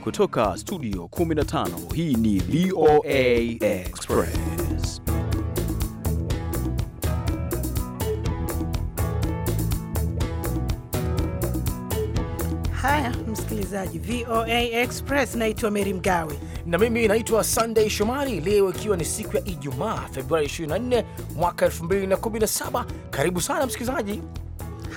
Kutoka studio 15 hii ni VOA Express. Haya msikilizaji, VOA Express, naitwa Meri Mgawe na mimi naitwa Sunday Shomari. Leo ikiwa ni siku ya Ijumaa, Februari 24 mwaka 2017. Karibu sana msikilizaji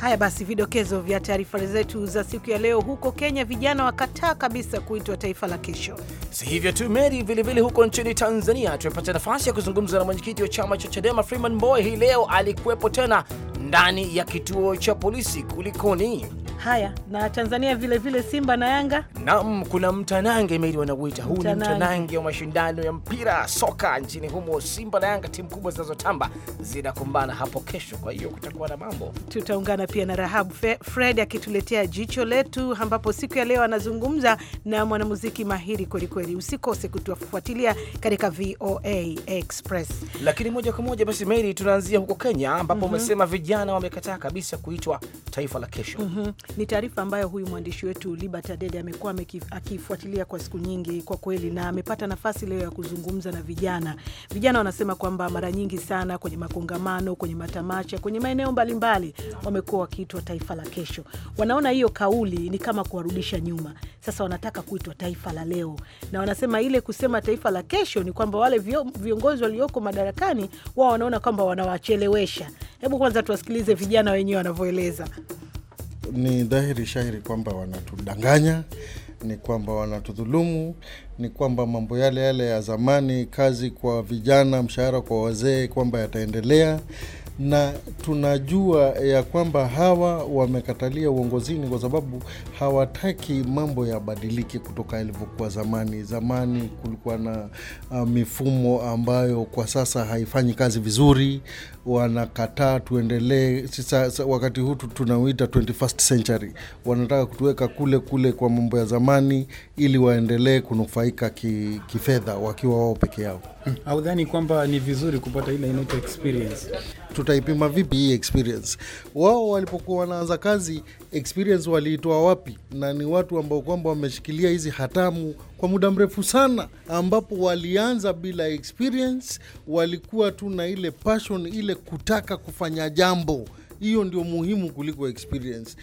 Haya basi, vidokezo vya taarifa zetu za siku ya leo. Huko Kenya, vijana wakataa kabisa kuitwa taifa la kesho. Si hivyo tu Mary, vilevile huko nchini Tanzania tumepata nafasi ya kuzungumza na mwenyekiti wa chama cha Chadema Freeman Mbowe. Hii leo alikuwepo tena ndani ya kituo cha polisi. Kulikoni? Haya, na Tanzania vile vile Simba na Yanga. Naam, kuna mtanange meli wanauita huu Ni mtanange wa mashindano ya mpira soka nchini humo. Simba na Yanga, timu kubwa zinazotamba zinakumbana hapo kesho, kwa hiyo kutakuwa na mambo. Tutaungana pia na Rahabu Fred akituletea jicho letu, ambapo siku ya leo anazungumza na mwanamuziki mahiri kwelikweli. Usikose kutufuatilia katika VOA Express. Lakini moja kwa moja basi, meli, tunaanzia huko Kenya ambapo umesema mhm. mm -hmm. vijana wamekataa kabisa kuitwa taifa la kesho mm -hmm. Ni taarifa ambayo huyu mwandishi wetu Liberta Dede amekuwa akifuatilia kwa siku nyingi kwa kweli, na amepata nafasi leo ya kuzungumza na vijana. Vijana wanasema kwamba mara nyingi sana kwenye makongamano, kwenye matamasha, kwenye maeneo mbalimbali wamekuwa wakiitwa taifa la kesho. Wanaona hiyo kauli ni kama kuwarudisha nyuma. Sasa wanataka kuitwa taifa la leo, na wanasema ile kusema taifa la kesho ni kwamba wale viongozi walioko madarakani wao wanaona kwamba wanawachelewesha. Hebu kwanza tuwasikilize vijana wenyewe wanavyoeleza ni dhahiri shahiri kwamba wanatudanganya, ni kwamba wanatudhulumu, ni kwamba mambo yale yale ya zamani, kazi kwa vijana, mshahara kwa wazee, kwamba yataendelea na tunajua ya kwamba hawa wamekatalia uongozini kwa sababu hawataki mambo yabadilike kutoka ilivyokuwa zamani. Zamani kulikuwa na uh, mifumo ambayo kwa sasa haifanyi kazi vizuri, wanakataa tuendelee. Sasa wakati huu tunauita 21st century, wanataka kutuweka kule kule kwa mambo ya zamani, ili waendelee kunufaika kifedha ki wakiwa wao peke yao. Hmm. haudhani kwamba ni vizuri kupata ile inaitwa experience? Tutaipima vipi hii experience? Wao walipokuwa wanaanza kazi experience waliitoa wapi? Na ni watu ambao kwamba wameshikilia hizi hatamu kwa muda mrefu sana, ambapo walianza bila experience, walikuwa tu na ile passion, ile kutaka kufanya jambo. Hiyo ndio muhimu kuliko experience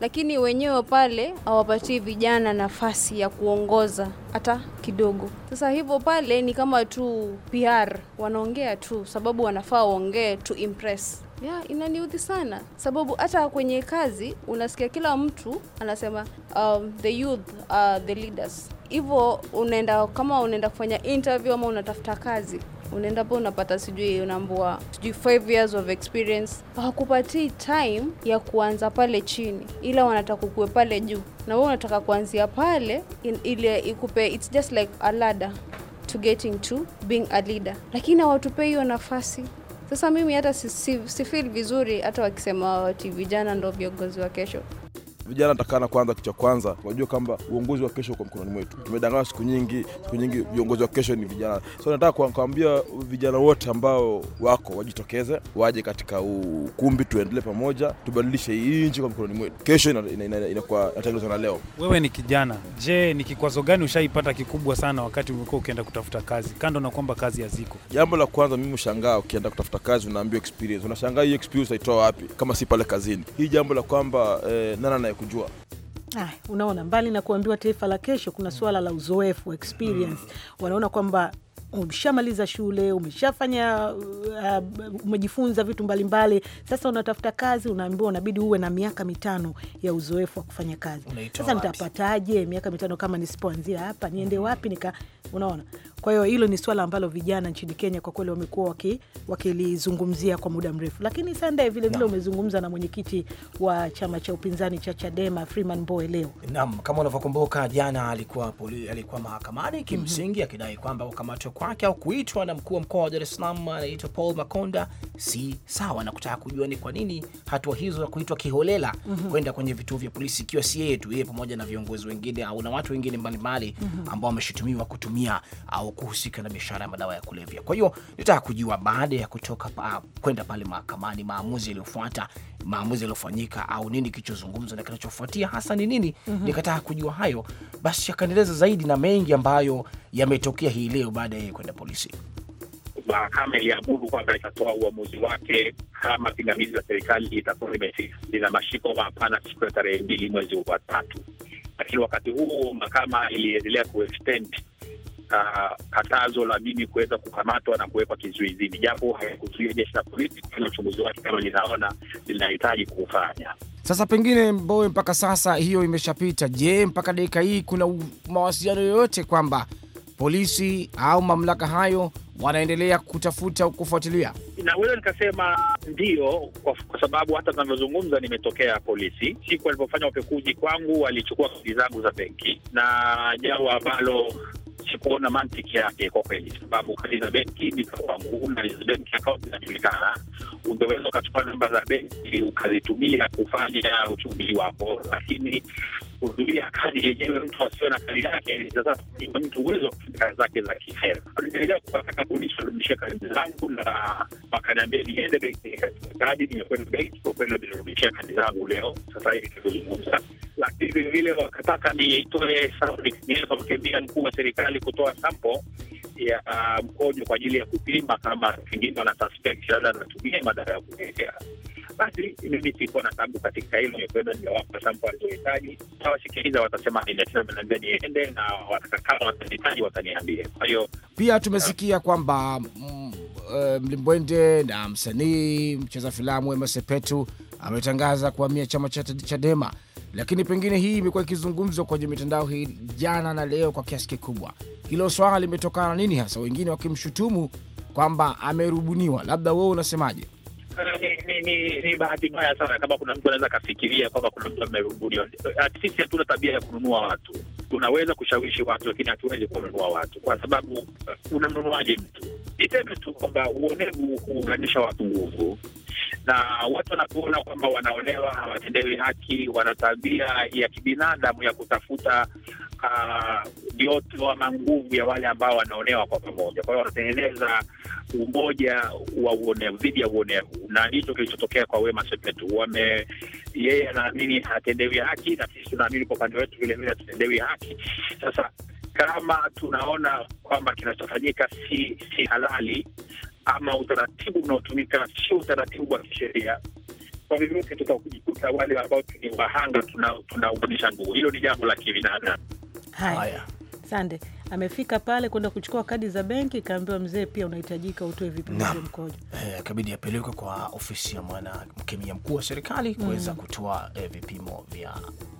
lakini wenyewe pale hawapatii vijana nafasi ya kuongoza hata kidogo. Sasa hivyo pale ni kama tu PR, wanaongea tu sababu wanafaa waongee to impress. Ya, inaniudhi sana sababu hata kwenye kazi unasikia kila mtu anasema um, the youth are the leaders. Hivyo unaenda kama unaenda kufanya interview ama unatafuta kazi unaenda po unapata sijui unaambua sijui 5 years of experience, hawakupatii time ya kuanza pale chini, ila wanataka ukue pale juu, na wewe unataka kuanzia pale ile ikupe, it's just like a ladder to getting to being a leader, lakini hawatupe hiyo nafasi. Sasa mimi hata si, si, si feel vizuri hata wakisema wati vijana ndo viongozi wa kesho vijana takana kwanza, kicha kwanza tunajua kwamba uongozi wa kesho uko mkononi mwetu. Tumedanganywa siku nyingi, siku nyingi viongozi wa kesho ni vijana. So nataka kuambia vijana wote ambao wako wajitokeze, waje katika ukumbi, tuendelee pamoja, tubadilishe hii nchi kwa mkononi mwetu. Kesho inakuwa inatengenezwa na leo. Wewe ni kijana, je, ni kikwazo gani ushaipata kikubwa sana wakati umekuwa ukienda kutafuta kazi, kando na kwamba kazi haziko? Jambo la kwanza mimi ushangaa, ukienda kutafuta kazi unaambiwa experience, unashangaa hii experience utaitoa wapi kama si pale kazini? Hii jambo la kwamba eh, nana kujua. Ah, unaona mbali na kuambiwa taifa la kesho, kuna suala la uzoefu experience. Mm. Wanaona kwamba umeshamaliza shule, umeshafanya uh, umejifunza vitu mbalimbali mbali. Sasa unatafuta kazi, unaambiwa unabidi uwe na miaka mitano ya uzoefu wa kufanya kazi. Sasa nitapataje miaka mitano kama nisipoanzia hapa? Niende mhm. wapi? Nika unaona. Kwa hiyo hilo ni swala ambalo vijana nchini Kenya kwa kweli wamekuwa wakilizungumzia kwa muda mrefu, lakini Sande, vilevile umezungumza na mwenyekiti wa chama cha upinzani cha Chadema Freeman Mbowe leo. Naam, kama unavyokumbuka jana alikuwa, alikuwa mahakamani kimsingi mm -hmm. akidai kwamba ukamata kukamatwa kwake au kuitwa na mkuu wa mkoa wa Dar es Salaam anaitwa Paul Makonda si sawa, na kutaka kujua ni kwa nini hatua hizo za kuitwa kiholela mm -hmm. kwenda kwenye vituo vya polisi, ikiwa si yeye tu, yeye pamoja na viongozi wengine au na watu wengine mbalimbali mm -hmm. ambao wameshutumiwa kutumia au kuhusika na biashara ya madawa ya kulevya. Kwa hiyo nitaka kujua baada ya kutoka pa, kwenda pale mahakamani, maamuzi yaliyofuata, maamuzi yaliyofanyika au nini kilichozungumzwa na kinachofuatia hasa ni nini? mm -hmm. Nikataka kujua hayo, basi akanieleza zaidi na mengi ambayo yametokea hii leo baada baada ya yeye kwenda polisi. Mahakama iliamuru kwamba itatoa uamuzi wake kama pingamizi la serikali itakuwa lina mashiko mapana siku ya tarehe mbili mwezi wa tatu, lakini wakati huu mahakama iliendelea kuextend uh, ah, katazo la mimi kuweza kukamatwa na kuwekwa kizuizini, japo haikuzuia jeshi la polisi kufanya uchunguzi wake kama linaona linahitaji kuufanya. Sasa pengine Mbowe, mpaka sasa hiyo imeshapita. Je, mpaka dakika hii kuna mawasiliano yoyote kwamba polisi au mamlaka hayo wanaendelea kutafuta kufuatilia? Naweza nikasema ndio kwa sababu hata tunavyozungumza nimetokea polisi. Siku walipofanya upekuzi kwangu, walichukua kadi zangu za benki, na jambo ambalo sikuona mantiki yake kwa kweli, sababu kadi za benki ni za kwangu na benki akaunti zinajulikana. Ungeweza ukachukua namba za benki ukazitumia kufanya uchunguzi wako, lakini kuzuia kadi yenyewe, mtu asiwe na kadi yake, mtu uwezo wa kufanya kazi zake za kifedha. Aliendelea kupata kampuni rudisha kadi zangu, na wakaniambia niende benki nikatia kadi. Nimekwenda benki kwa kwenda nirudishia kadi zangu leo sasa hivi tukizungumza, lakini vilevile wakataka niitoe mkemia mkuu wa serikali kutoa sampo ya uh, mkojo kwa ajili ya kupima kama pengine wana suspect labda anatumia madawa ya kulevya. Basi mimi sikuwa na sababu katika hilo, nikwenda nikawapa sampo walizohitaji, nawasikiliza, watasema nini, tena mnaambia niende, na watakakama watahitaji wataniambia. Kwa hiyo pia tumesikia kwamba mm, eh, Mlimbwende na msanii mcheza filamu Wema Sepetu ametangaza kuhamia chama cha Chadema, lakini pengine hii imekuwa ikizungumzwa kwenye mitandao hii jana na leo kwa kiasi kikubwa. Hilo swala limetokana nini hasa, wengine wakimshutumu kwamba amerubuniwa? Labda wewe unasemaje? ni, ni, ni bahati mbaya sana kama kuna mtu anaweza akafikiria kwamba kuna mtu ameuguliwa. Sisi hatuna tabia ya kununua watu, tunaweza kushawishi watu, lakini hatuwezi kununua watu kwa sababu uh, unanunuaje mtu? Niseme tu kwamba uonevu huunganisha watu nguvu, na watu wanapoona kwamba wanaonewa, hawatendewi haki, wana tabia ya kibinadamu ya kutafuta joto uh, ama nguvu ya wale ambao wanaonewa kwa pamoja. Kwa hiyo wanatengeneza umoja wa uonevu dhidi ya uonevu, na ndicho kilichotokea kwa Wema Sepetu. Wame yeye anaamini hatendewi haki, na sisi tunaamini kwa upande wetu vilevile hatutendewi haki. Sasa kama tunaona kwamba kinachofanyika si, si halali ama utaratibu unaotumika sio utaratibu wa kisheria kwa vyovyote tutakujikuta wale ambao ni wahanga tunaunganisha tuna nguvu. Hilo ni jambo la kibinadamu. Haya, asante. Amefika pale kwenda kuchukua kadi za benki, kaambiwa mzee, pia unahitajika utoe vipimo vya mkojo. Akabidi eh, apelekwe kwa ofisi ya mwana mkemia mkuu wa serikali kuweza mm. kutoa eh, vipimo vya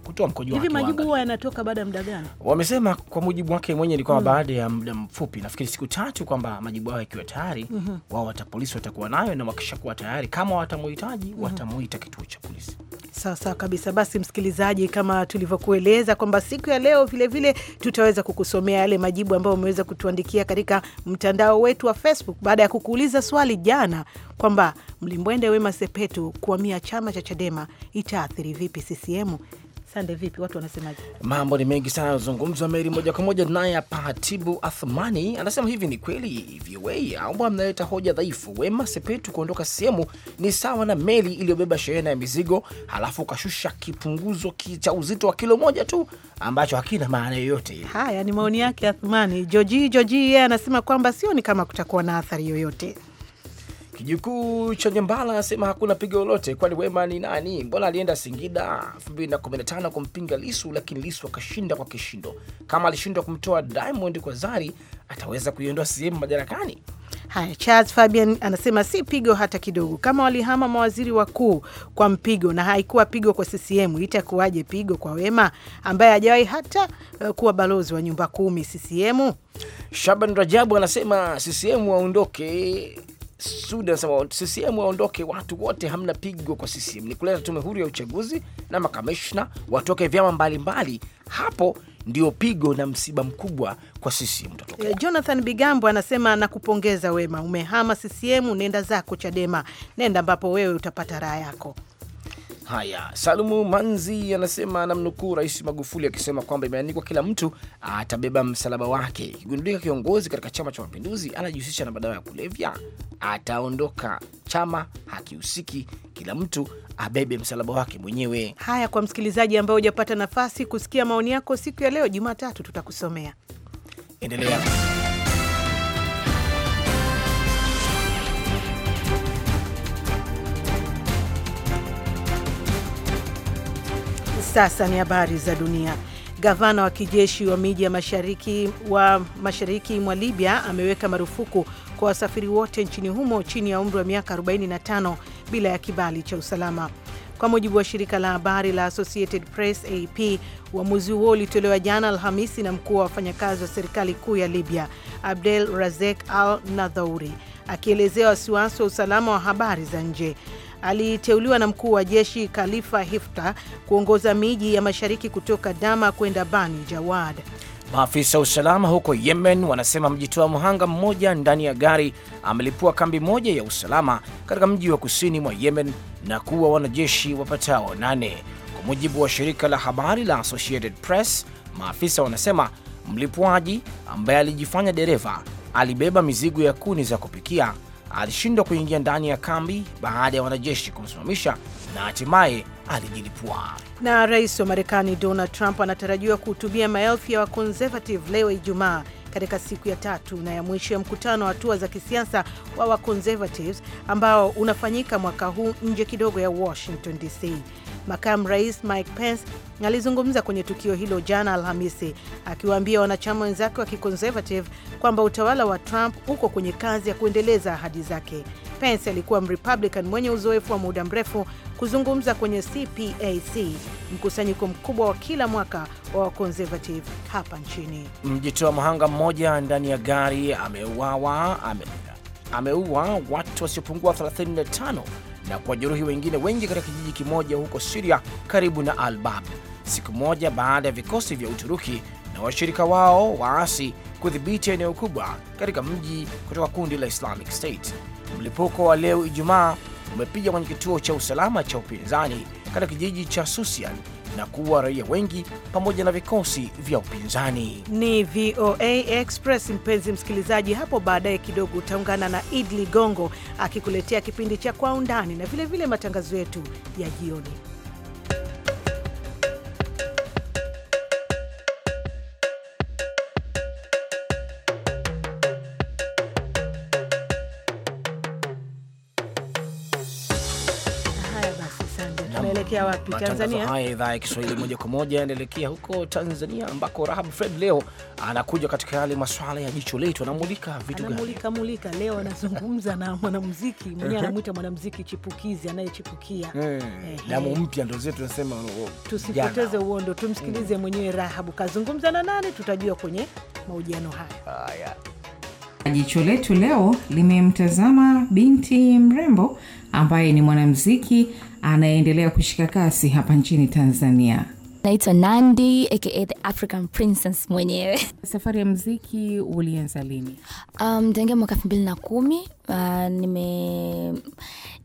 kutoa mkojo Hivi majibu huwa yanatoka baada ya muda gani? Wamesema kwa mujibu wake ni kwamba mm. baada ya muda mfupi, nafikiri siku tatu, kwamba majibu hayo yakiwa tayari mm -hmm. wao wata polisi watakuwa nayo, na wakishakuwa tayari kama watamuhitaji mm -hmm. watamuita kituo cha polisi. Sawasawa kabisa. Basi msikilizaji, kama tulivyokueleza kwamba siku ya leo vilevile vile, tutaweza kukusomea yale majibu ambayo umeweza kutuandikia katika mtandao wetu wa Facebook baada ya kukuuliza swali jana kwamba mlimbwende Wema Sepetu kuhamia chama cha Chadema itaathiri vipi CCM. Sande, vipi watu wanasemaje? Mambo ni mengi sana yanazungumzwa. Meri, moja kwa moja naye hapa Hatibu Athmani anasema hivi, ni kweli VOA amba mnaleta hoja dhaifu? Wema Sepetu kuondoka sehemu ni sawa na meli iliyobeba shehena ya mizigo, halafu ukashusha kipunguzo cha uzito wa kilo moja tu ambacho hakina maana yoyote. Haya ni maoni yake Athmani. Joji Joji yeye anasema kwamba sioni kama kutakuwa na athari yoyote. Kijukuu cha Nyambala anasema hakuna pigo lolote, kwani Wema ni nani? Mbona alienda Singida 2015 kumpinga Lisu, lakini Lisu akashinda kwa kishindo. Kama alishindwa kumtoa Diamond kwa Zari, ataweza kuiondoa sehemu madarakani? Haya, Charles Fabian anasema si pigo hata kidogo. Kama walihama mawaziri wakuu kwa mpigo na haikuwa pigo kwa CCM, itakuwaje pigo kwa Wema ambaye hajawahi hata uh, kuwa balozi wa nyumba kumi CCM? Shaban Rajabu anasema CCM waondoke Suda sema CCM waondoke watu wote, hamna pigo kwa CCM, ni kuleta tume huru ya uchaguzi na makamishna watoke vyama mbalimbali mbali. Hapo ndio pigo na msiba mkubwa kwa CCM utatokea. Eh, Jonathan Bigambo anasema nakupongeza Wema, umehama CCM, nenda zako Chadema, nenda ambapo wewe utapata raha yako. Haya, Salumu Manzi anasema namnukuu Rais Magufuli akisema kwamba imeandikwa kila mtu atabeba msalaba wake. Ikigundulika kiongozi katika Chama cha Mapinduzi anajihusisha na madawa ya kulevya, ataondoka. Chama hakihusiki, kila mtu abebe msalaba wake mwenyewe. Haya, kwa msikilizaji ambaye hujapata nafasi kusikia maoni yako siku ya leo Jumatatu, tutakusomea endelea. Sasa ni habari za dunia. Gavana wa kijeshi wa miji ya mashariki, wa mashariki mwa Libya ameweka marufuku kwa wasafiri wote nchini humo chini ya umri wa miaka 45 bila ya kibali cha usalama. Kwa mujibu wa shirika la habari la Associated Press AP, uamuzi huo ulitolewa jana Alhamisi na mkuu wa wafanyakazi wa serikali kuu ya Libya Abdel Razek Al Nadhauri akielezea wasiwasi wa usalama wa habari za nje aliteuliwa na mkuu wa jeshi Khalifa Hifta kuongoza miji ya mashariki kutoka Dama kwenda Bani Jawad. Maafisa wa usalama huko Yemen wanasema mjitoa mhanga mmoja ndani ya gari amelipua kambi moja ya usalama katika mji wa kusini mwa Yemen na kuwa wanajeshi wapatao nane, kwa mujibu wa shirika la habari la Associated Press. Maafisa wanasema mlipuaji ambaye alijifanya dereva alibeba mizigo ya kuni za kupikia alishindwa kuingia ndani ya kambi baada ya wanajeshi kumsimamisha na hatimaye alijilipua. Na rais wa Marekani Donald Trump anatarajiwa kuhutubia maelfu ya wakonservative leo Ijumaa katika siku ya tatu na ya mwisho ya mkutano wa hatua za kisiasa wa waconservatives ambao unafanyika mwaka huu nje kidogo ya Washington DC. Makamu Rais Mike Pence alizungumza kwenye tukio hilo jana Alhamisi, akiwaambia wanachama wenzake wa kiconservative kwamba utawala wa Trump uko kwenye kazi ya kuendeleza ahadi zake. Pence alikuwa Mrepublican mwenye uzoefu wa muda mrefu kuzungumza kwenye CPAC, mkusanyiko mkubwa wa kila mwaka wa waconservative hapa nchini. Mjitoa mhanga mmoja ndani ya gari ameuawa, ameua watu wasiopungua 35 na kuwajeruhi wengine wengi katika kijiji kimoja huko Siria karibu na albab siku moja baada ya vikosi vya Uturuki na washirika wao waasi kudhibiti eneo kubwa katika mji kutoka kundi la Islamic State. Mlipuko wa leo Ijumaa umepiga kwenye kituo cha usalama cha upinzani katika kijiji cha Susian na kuwa raia wengi pamoja na vikosi vya upinzani. Ni VOA Express, mpenzi msikilizaji. Hapo baadaye kidogo utaungana na Idli Gongo akikuletea kipindi cha Kwa Undani na vilevile vile matangazo yetu ya jioni. wapi? haya idhaa ya Kiswahili moja kwa moja anaelekea huko Tanzania, ambako Rahab Fred leo anakuja katika yale maswala ya jicho letu, anamulika vitu gani? Anamulika mulika leo, anazungumza na mwanamuziki mwenyewe, anamwita mwanamuziki chipukizi anayechipukia hmm. damu mpya, ndo zetu tunasema tusipoteze uondo, tumsikilize mwenyewe. Rahabu kazungumza na nani, tutajua kwenye mahojiano haya. Ah, yeah. Jicho letu leo limemtazama binti mrembo ambaye ni mwanamuziki anaendelea kushika kasi hapa nchini Tanzania. Naitwa Nandi aka the African Princess mwenyewe. Safari ya mziki ulianza lini? Um, tangia mwaka elfu mbili na kumi uh, nime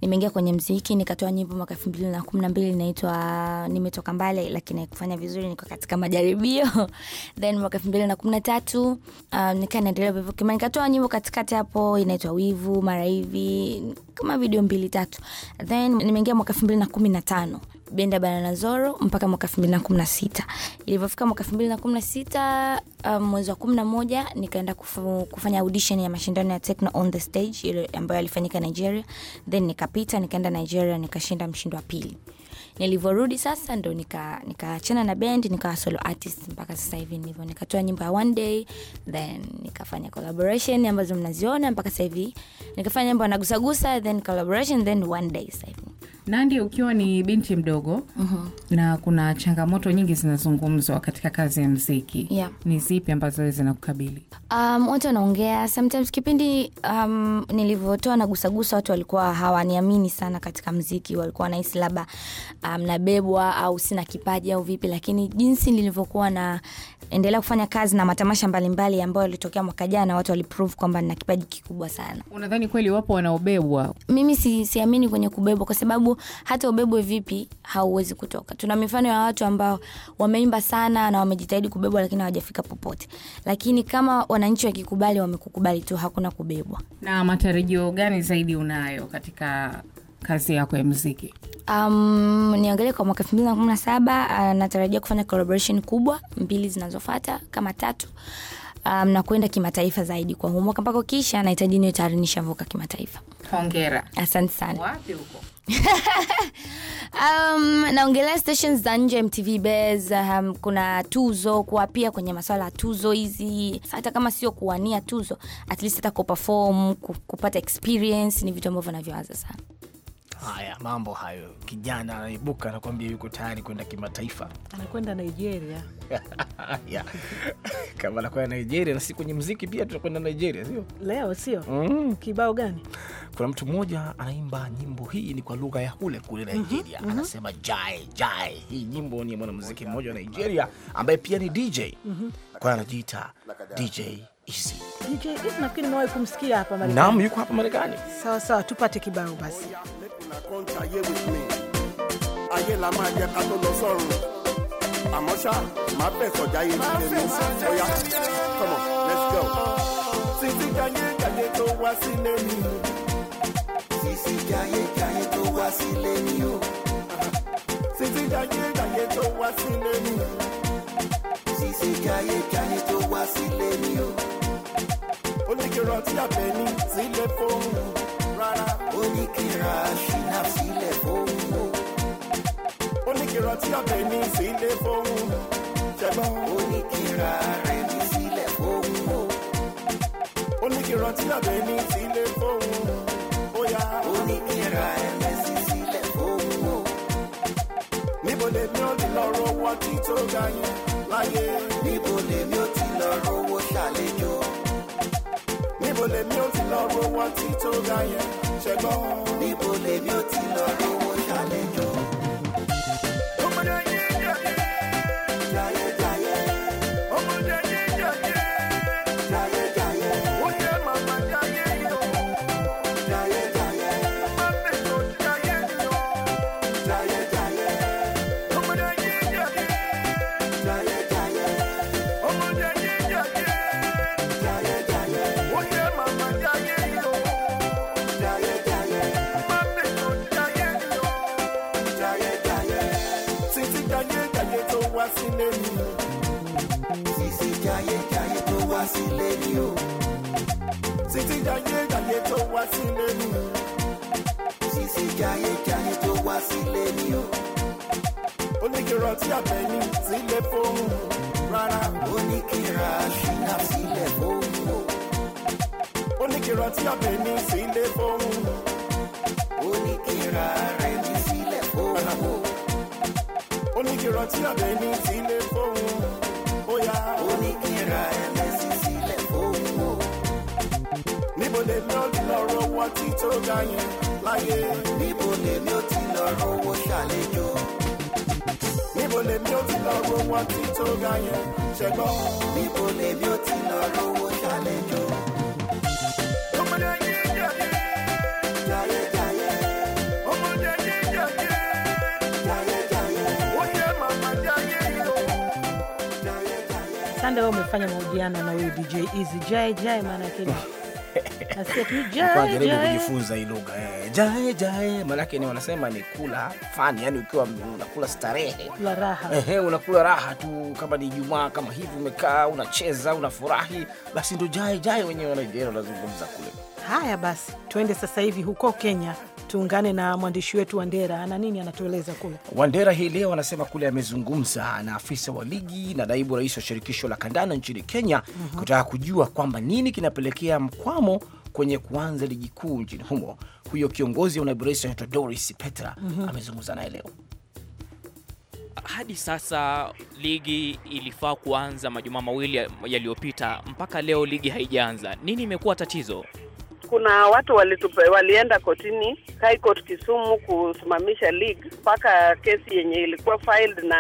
nimeingia kwenye mziki nikatoa nyimbo mwaka elfu mbili na kumi na mbili inaitwa nimetoka mbali, lakini kufanya vizuri, niko katika majaribio then mwaka elfu mbili na kumi na tatu um, uh, nikaa naendelea vivyo nikatoa nyimbo katikati hapo inaitwa wivu mara hivi kama video mbili tatu, then nimeingia mwaka elfu mbili na kumi na tano Benda banana zoro mpaka mwaka elfu mbili na na kumi sita Ilivyofika mwaka elfu mbili na kumi 2016 um, mwezi wa kumi na moja nikaenda kufu, kufanya audition ya mashindano ya Techno on the Stage ile ambayo alifanyika Nigeria, then nikapita, nikaenda Nigeria nikashinda mshindo wa pili. Nilivyorudi sasa ndo nikaachana nika na band nikawa solo artist mpaka sasa hivi nilivyo, nikatoa nyimbo ya one day then nikafanya collaboration ambazo mnaziona mpaka sasa hivi, nikafanya nyimbo ya nagusagusa, then collaboration then one day sasa hivi nandi ukiwa ni binti mdogo uh-huh. na kuna changamoto nyingi zinazungumzwa katika kazi ya mziki yeah. ni zipi ambazo zinakukabili? Um, watu wanaongea sometimes kipindi um, nilivyotoa na gusagusa watu walikuwa hawaniamini sana katika mziki, walikuwa nahisi labda um, nabebwa au sina kipaji au vipi, lakini jinsi nilivyokuwa na endelea kufanya kazi na matamasha mbalimbali ambayo yalitokea mwaka jana, watu waliprove kwamba nina kipaji kikubwa sana. Unadhani kweli wapo wanaobebwa? Mimi siamini si, kwenye kubebwa kwa sababu hata ubebwe vipi hauwezi kutoka. Tuna mifano ya watu ambao wameimba sana na wamejitahidi kubebwa, lakini hawajafika popote. Lakini kama wananchi wakikubali, wamekukubali tu, hakuna kubebwa. Na matarajio gani zaidi unayo katika kazi yako ya muziki? Um, niangalie kwa mwaka elfu na kumi na saba uh, natarajia kufanya collaboration kubwa mbili zinazofata kama tatu um, na kuenda kimataifa zaidi kwa homework mpako kisha nahitaji niwe tayari nishavuka kimataifa. Hongera. Asante sana. Wapi huko? um, naongelea stations za nje mtv bes um, kuna tuzo kuwa pia kwenye maswala ya tuzo hizi hata kama sio kuwania tuzo at least hata kupafom kupata experience ni vitu ambavyo navyowaza sana Haya mambo hayo, kijana anaibuka anakuambia yuko tayari kwenda kimataifa, anakwenda Nigeria. Kama anakwenda Nigeria, na si kwenye mziki pia tutakwenda Nigeria, sio leo, sio mm. Kibao gani? Kuna mtu mmoja anaimba nyimbo hii, ni kwa lugha ya kule kule mhm, Nigeria. mm -hmm. Anasema jai jai. Hii nyimbo ni mwanamuziki mmoja wa Nigeria ambaye pia ni DJ mm -hmm. kwa anajiita DJ Easy. DJ Easy nafikiri nimewahi kumsikia hapa Marekani. Naam, yuko hapa Marekani. Sawa sawa, tupate kibao basi. Una come ayé with me. Ayé la máa jẹ ká tó lọ sọ́run. Àmọ́ ṣá, máa fẹ̀ sọ̀já yé ní ilé mi. Oya, come on, let's go. Sisi jayé jayé tó wá sílé mi. Sisi jayé jayé tó wá sílé mi o. Sisi jayé jayé tó wá sílé mi. Sisi jayé jayé tó wá sílé mi o. Ó ní àbẹ̀ ní sílé fóònù. ó ní kí n ra ṣínà sílẹ̀ fóun o. ó ní kí n rántí ọ̀bẹ ní sílé fóun. ṣẹgbọ́n ó ní kí n ra rẹ̀ ní sílẹ̀ fóun o. ó ní kí n ní sílé fóun. ó yá ó ní kí sílẹ̀ fóun o. níbo lèmi ò ti lọ rówó ọtí tó láyé. níbo lèmi ò ti lọ rówó ṣàlejò níbo lèmi ò ti lọ rówó ọtí tó ga yẹn ṣẹgbọn. níbo lèmi ò ti lọ rówó ṣàlejò. ọ̀rọ̀ tí àbẹ̀ní sílẹ̀ fóun rárá. ó ní kí ra ṣínà sílẹ̀ fóun o. ó ní kí ra tí àbẹ̀ní sílẹ̀ fóun. ó ní kí ra rẹ̀ ní sílẹ̀ fóun o. ó ní kí ra tí àbẹ̀ní sílẹ̀ fóun. ó yá. ó ní kí ra ẹlẹ́sìn sílẹ̀ fóun o. níbo lè lọ́ọ́ lọ́rọ̀ owó tí tó ga yẹn láyé. níbo lèmi ò ti abeni sile foun rara o ni ki ra sina sile foun o o ni ki ra abeni sile foun o ni ki re ni sile foun o o ni ti abeni sile foun o ya ni ki ra elesin sile foun nibo le loo loro owo ti to ga yen laye nibo lemi o ti loro owo salejo ibo lèmi ó ti lọ wo tí tó ga yẹn ṣẹgbọn. ibo lèmi ó ti lọ rówó ṣàlejò. Sande umefanya mahojiano na huyu DJ Eazy Jai Jai maana kujifunza hii lugha eh. jae jae, maanake ni wanasema ni kula fani, yani ukiwa unakula starehe, unakula raha tu, kama ni Ijumaa kama hivi, umekaa unacheza, unafurahi, basi ndo jae jae wenyewe wanaijeria wanazungumza kule. Haya basi, tuende sasa hivi huko Kenya tuungane na mwandishi wetu Wandera. Ana nini anatueleza kule? Wandera hii leo anasema kule amezungumza na afisa wa ligi na naibu rais wa shirikisho la kandanda nchini Kenya mm -hmm. kutaka kujua kwamba nini kinapelekea mkwamo kwenye kuanza ligi kuu nchini humo. Huyo kiongozi wa Unaboresha anaitwa Doris Petra mm -hmm. amezungumza naye leo. Hadi sasa ligi ilifaa kuanza majumaa mawili yaliyopita, mpaka leo ligi haijaanza. Nini imekuwa tatizo? Kuna watu walitupe, walienda kotini High Court Kisumu kusimamisha league mpaka kesi yenye ilikuwa filed na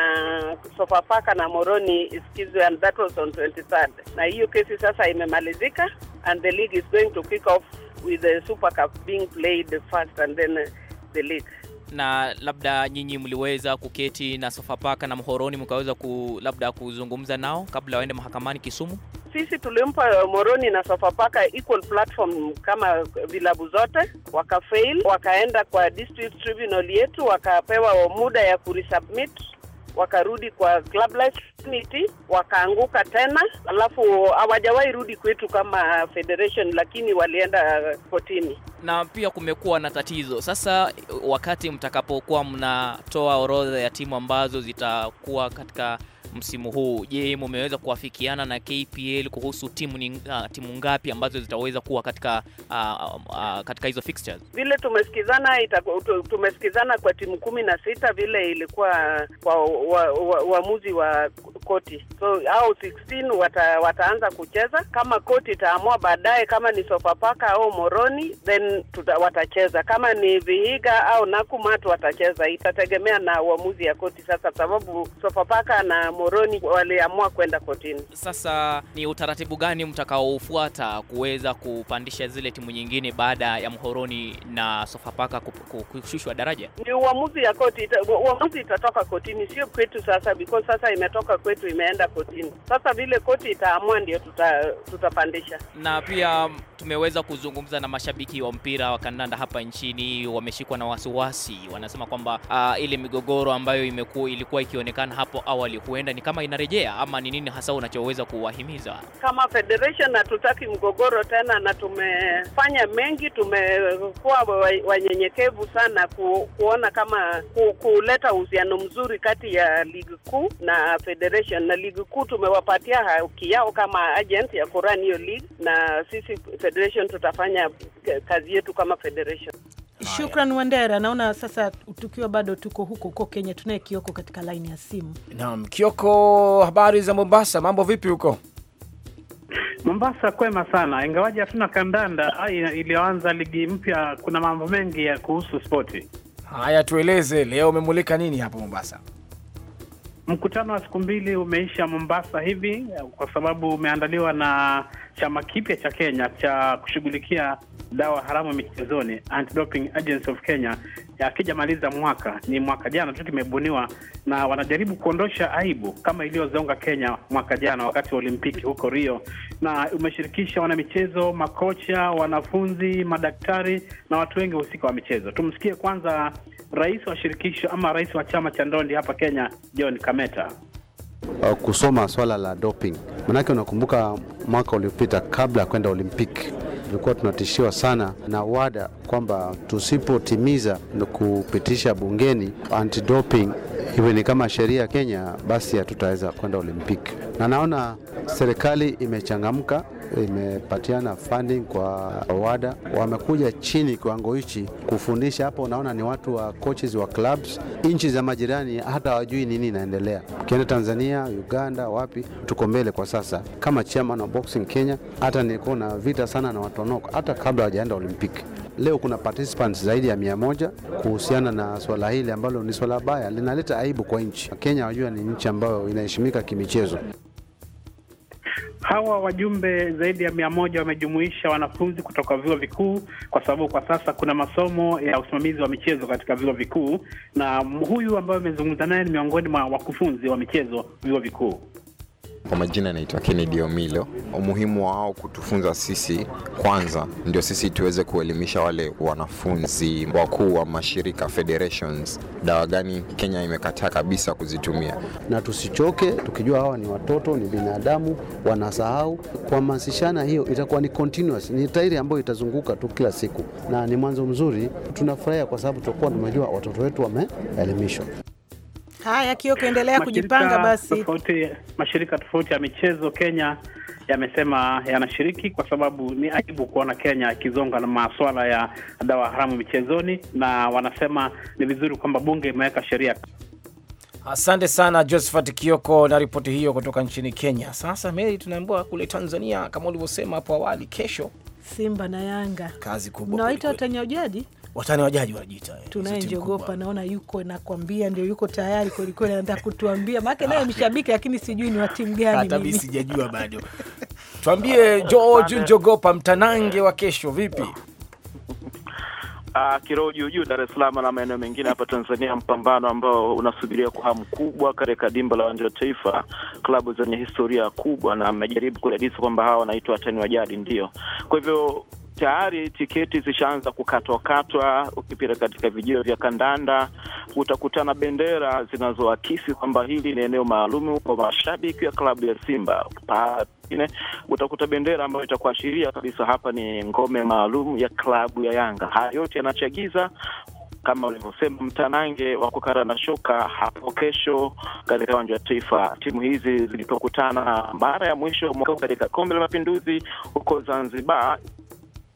Sofapaka na Moroni isikizwe, and that was on 23rd, na hiyo kesi sasa imemalizika and the league is going to kick off with the Super Cup being played first and then uh, the league. Na labda nyinyi mliweza kuketi na Sofapaka na Mhoroni mkaweza ku, labda kuzungumza nao kabla waende mahakamani Kisumu? Sisi tulimpa uh, Moroni na Sofapaka equal platform kama vilabu zote, wakafail, wakaenda kwa district tribunal yetu, wakapewa muda ya kurisubmit wakarudi kwa club life opportunity wakaanguka tena, alafu hawajawahi rudi kwetu kama federation, lakini walienda kotini na pia kumekuwa na tatizo sasa. Wakati mtakapokuwa mnatoa orodha ya timu ambazo zitakuwa katika msimu huu. Je, mumeweza kuafikiana na KPL kuhusu timu ni, uh, timu ngapi ambazo zitaweza kuwa katika uh, uh, katika hizo fixtures? Vile tumesikizana tumesikizana kwa timu kumi na sita vile ilikuwa kwa uamuzi wa, wa, wa, wa koti, so au 16 wata, wataanza kucheza kama koti itaamua baadaye kama ni Sofapaka au Moroni then tuta, watacheza kama ni Vihiga au nakumatu watacheza, itategemea na uamuzi ya koti sasa, sababu Sofapaka na Moroni Moroni waliamua kwenda kotini. Sasa ni utaratibu gani mtakaoufuata kuweza kupandisha zile timu nyingine baada ya Mhoroni na Sofapaka kushushwa daraja? Ni uamuzi ya koti ita, uamuzi itatoka kotini, sio kwetu sasa, because sasa imetoka kwetu imeenda kotini. Sasa vile koti itaamua ndio tuta, tutapandisha. Na pia tumeweza kuzungumza na mashabiki wa mpira wa kandanda hapa nchini, wameshikwa na wasiwasi, wanasema kwamba uh, ile migogoro ambayo imekuwa ilikuwa ikionekana hapo awali huenda ni kama inarejea ama ni nini hasa unachoweza kuwahimiza kama federation? Hatutaki mgogoro tena, na tumefanya mengi, tumekuwa wanyenyekevu sana ku, kuona kama ku, kuleta uhusiano mzuri kati ya ligi kuu na federation, na ligi kuu tumewapatia haki yao kama agent ya kurani hiyo league, na sisi federation tutafanya kazi yetu kama federation. Shukran Wandera. Naona sasa tukiwa bado tuko huko huko Kenya, tunaye Kioko katika laini ya simu. Naam, Kioko, habari za Mombasa? Mambo vipi huko Mombasa? Kwema sana, ingawaji hatuna kandanda ah, iliyoanza ligi mpya. Kuna mambo mengi ya kuhusu spoti. Haya, tueleze leo umemulika nini hapo Mombasa? Mkutano wa siku mbili umeisha Mombasa hivi, eh, kwa sababu umeandaliwa na chama kipya cha Kenya cha kushughulikia dawa haramu michezoni, Anti-Doping Agency of Kenya, akijamaliza mwaka, ni mwaka jana tu kimebuniwa, na wanajaribu kuondosha aibu kama iliyozonga Kenya mwaka jana wakati wa Olimpiki huko Rio, na umeshirikisha wanamichezo, makocha, wanafunzi, madaktari na watu wengi husika wa michezo. Tumsikie kwanza rais wa shirikisho ama rais wa chama cha ndondi hapa Kenya, John Kameta. Uh, kusoma swala la doping, manake unakumbuka mwaka uliopita kabla ya kwenda Olimpiki tulikuwa tunatishiwa sana na WADA kwamba tusipotimiza kupitisha bungeni antidoping iwe ni kama sheria ya Kenya, basi hatutaweza kwenda Olimpiki, na naona serikali imechangamka imepatiana funding kwa WADA, wamekuja chini kiwango hichi kufundisha. Hapo unaona ni watu wa coaches wa clubs nchi za majirani, hata hawajui nini inaendelea. Ukienda Tanzania, Uganda, wapi, tuko mbele kwa sasa. Kama chairman wa boxing Kenya, hata nilikuwa na vita sana na watonoko hata kabla hawajaenda Olimpiki. Leo kuna participants zaidi ya mia moja kuhusiana na swala hili ambalo ni swala baya, linaleta aibu kwa nchi. Kenya wajua ni nchi ambayo inaheshimika kimichezo. Hawa wajumbe zaidi ya mia moja wamejumuisha wanafunzi kutoka vyuo vikuu, kwa sababu kwa sasa kuna masomo ya usimamizi wa michezo katika vyuo vikuu, na huyu ambaye amezungumza naye ni miongoni mwa wakufunzi wa michezo vyuo vikuu. Kwa majina anaitwa Kennedy Omilo. Umuhimu wao kutufunza sisi kwanza, ndio sisi tuweze kuelimisha wale wanafunzi wakuu wa mashirika federations, dawa gani Kenya imekataa kabisa kuzitumia, na tusichoke tukijua hawa ni watoto, ni binadamu, wanasahau. Kuhamasishana hiyo itakuwa ni continuous, ni tairi ambayo itazunguka tu kila siku, na ni mwanzo mzuri. Tunafurahia kwa sababu tutakuwa tumejua watoto wetu wameelimishwa. Haya, KIO kaendelea kujipanga basi. Tofauti, mashirika tofauti ya michezo Kenya yamesema yanashiriki kwa sababu ni aibu kuona Kenya ikizonga na maswala ya dawa haramu michezoni, na wanasema ni vizuri kwamba bunge imeweka sheria. Asante sana Josephat Kioko na ripoti hiyo kutoka nchini Kenya. Sasa Meri, tunaambiwa kule Tanzania kama ulivyosema hapo awali, kesho Simba na Yanga, kazi kubwa. Nawaita watanya watani wajaji wanajiita Njogopa, naona yuko nakwambia, ndio yuko tayari kweli kweli, anataka kutuambia maake naye ah. mshabiki, lakini sijui ni wa timu gani, hata mimi sijajua bado. Tuambie George Njogopa, mtanange wa kesho vipi? Uh, ah, kiroho juu juu Dar es Salaam na maeneo mengine hapa Tanzania, mpambano ambao unasubiria kwa hamu kubwa katika dimba la uwanja wa Taifa. Klabu zenye historia kubwa na amejaribu kudadisi kwamba hawa wanaitwa watani wa jadi, ndio kwa hivyo tayari tiketi zishaanza kukatwakatwa. Ukipita katika vijio vya kandanda utakutana bendera zinazoakisi kwamba hili ni eneo maalum kwa mashabiki wa klabu ya Simba. Pengine utakuta bendera ambayo itakuashiria kabisa hapa ni ngome maalum ya klabu ya Yanga. Haya yote yanachagiza kama ulivyosema mtanange wa kukara na shoka hapo kesho katika uwanja wa Taifa. Timu hizi zilipokutana mara ya mwisho mwaka katika kombe la mapinduzi huko Zanzibar,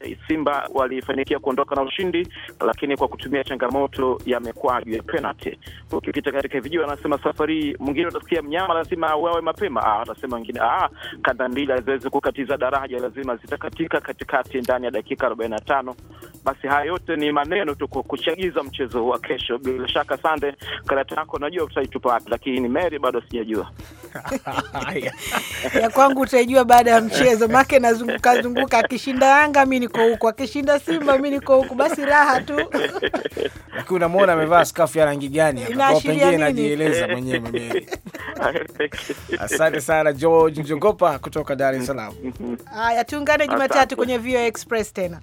Eh, Simba walifanikia kuondoka na ushindi, lakini kwa kutumia changamoto ya mekwaju ya penalty. Ukipita katika video, anasema safari mwingine utasikia mnyama lazima wawe mapema, ah, atasema wengine ah, kanda mbili haziwezi kukatiza daraja, lazima zitakatika katikati ndani ya dakika na tano basi haya yote ni maneno tu kuchagiza mchezo wa kesho. Bila shaka, Sande, karata yako najua utaitupa wapi, lakini Mary bado sijajua ya kwangu utaijua baada ya mchezo, make nazunguka zunguka, akishinda Yanga mi niko huku, akishinda Simba mi niko huku, basi raha tu. Lakini unamwona amevaa skafu ya rangi gani, pengine najieleza mwenyewe Mary. Asante sana George Njogopa kutoka Dar es Salaam. Haya, tuungane Jumatatu kwenye VOA Express tena.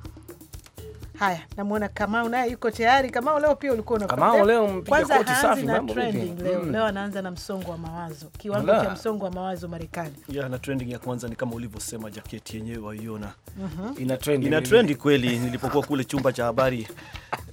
Haya, namwona Kamau naye yuko tayari. Kamau leo pia ulikuwa unakamao leo mpiga koti safi, na trending leo mm. Leo anaanza na msongo wa mawazo, kiwango cha msongo wa mawazo Marekani. Yeah, na trending ya kwanza ni kama ulivyosema, jaketi yenyewe waiona, mm -hmm. ina trending, ina kweli. Nilipokuwa kule chumba cha habari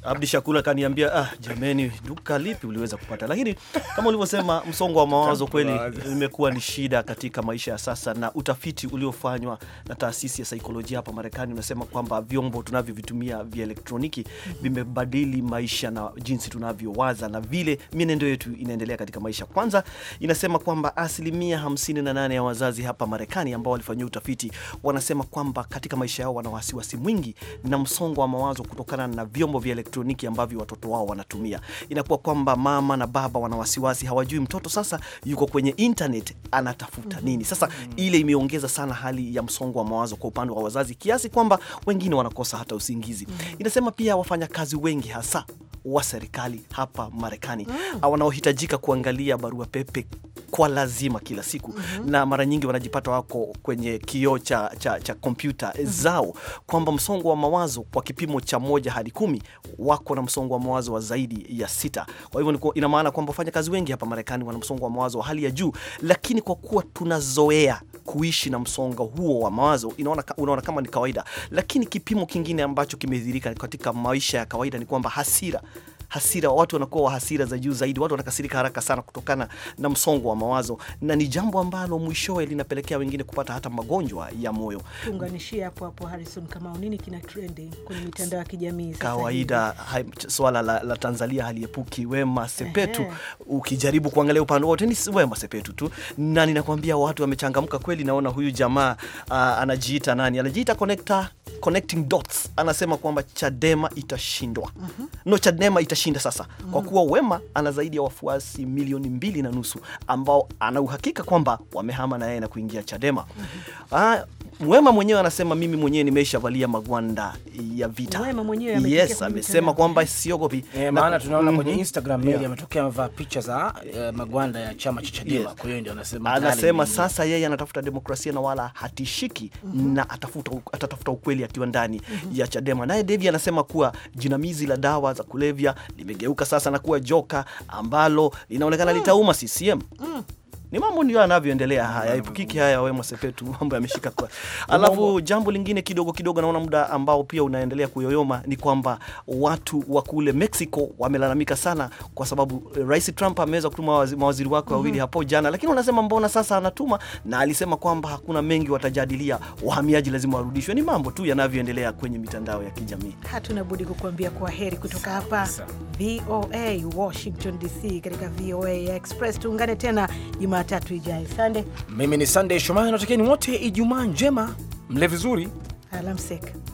Abdi Shakula kaniambia, ah, jameni, duka lipi uliweza kupata? Lakini kama ulivyosema, msongo wa mawazo kweli imekuwa ni shida katika maisha ya sasa, na utafiti uliofanywa na taasisi ya saikolojia hapa Marekani unasema kwamba vyombo tunavyovitumia vya elektroniki vimebadili maisha na jinsi tunavyowaza na vile mienendo yetu inaendelea katika maisha. Kwanza inasema kwamba asilimia 58 ya wazazi hapa Marekani ambao walifanyia utafiti wanasema kwamba katika maisha yao wana wasiwasi mwingi na msongo wa mawazo kutokana na vyombo vya elektroniki elektroniki ambavyo watoto wao wanatumia. Inakuwa kwamba mama na baba wana wasiwasi, hawajui mtoto sasa yuko kwenye internet anatafuta mhm. nini. Sasa mhm. ile imeongeza sana hali ya msongo wa mawazo kwa upande wa wazazi, kiasi kwamba wengine wanakosa hata usingizi. Mhm. Inasema pia wafanyakazi wengi hasa wa serikali hapa Marekani mm. wanaohitajika kuangalia barua pepe kwa lazima kila siku mm -hmm. na mara nyingi wanajipata wako kwenye kioo cha, cha, cha kompyuta mm -hmm. zao kwamba msongo wa mawazo kwa kipimo cha moja hadi kumi wako na msongo wa mawazo wa zaidi ya sita. Kwa hivyo ina maana kwamba wafanyakazi wengi hapa Marekani wana msongo wa mawazo wa hali ya juu, lakini kwa kuwa tunazoea kuishi na msongo huo wa mawazo inaona, unaona kama ni kawaida. Lakini kipimo kingine ambacho kimedhirika katika maisha ya kawaida ni kwamba hasira hasira, watu wanakuwa wa hasira za juu zaidi, watu wanakasirika haraka sana kutokana na msongo wa mawazo, na ni jambo ambalo mwishowe linapelekea wengine kupata hata magonjwa ya moyo. Tuunganishie hapo hapo, Harrison Kamau, nini kina trending kwenye mitandao ya kijamii sasa? Kawaida swala la, la Tanzania haliepuki Wema Sepetu. Ehe. Ukijaribu kuangalia upande wote ni Wema Sepetu tu, na ninakwambia watu wamechangamka kweli. Naona huyu jamaa uh, anajiita nani, anajiita connector, connecting dots, anasema kwamba Chadema itashindwa. uh mhm. -huh. No, Chadema atashinda sasa, kwa kuwa Wema ana zaidi ya wafuasi milioni mbili na nusu ambao ana uhakika kwamba wamehama na yeye na kuingia Chadema. Mhm. Aa, ah, Wema mwenyewe anasema mimi mwenyewe nimeshavalia magwanda ya vita. Wema mwenyewe yes, amesema kwamba siogopi. E, maana tunaona kwenye mhm. Instagram yeah, ametokea amevaa picha za uh, magwanda ya chama cha Chadema. yes. Kwa hiyo ndio anasema anasema sasa yeye anatafuta demokrasia na wala hatishiki mm -hmm. na atafuta, atatafuta ukweli akiwa ndani mm -hmm. ya Chadema. Naye Devi anasema kuwa jinamizi la dawa za kulevya limegeuka sasa na kuwa joka ambalo linaonekana mm. litauma CCM mm ni mambo ndio yanavyoendelea haya, epukiki haya, Wema Sepetu, mambo yameshika kwa. Alafu jambo lingine kidogo kidogo, naona muda ambao pia unaendelea kuyoyoma ni kwamba watu wa kule Mexico wamelalamika sana, kwa sababu eh, Rais Trump ameweza kutuma mawaziri wake mhm. wawili mm -hmm. hapo jana, lakini wanasema mbona sasa anatuma, na alisema kwamba hakuna mengi watajadilia, wahamiaji lazima warudishwe. Ni mambo tu yanavyoendelea kwenye mitandao ya kijamii. Hatuna budi kukuambia kwa heri kutoka hapa VOA Washington DC, katika VOA Express tuungane tena Jumatatu Jumatatu ijayo. Sande, mimi ni Sandey Shomari, natakieni wote Ijumaa njema, mle vizuri, alamsek.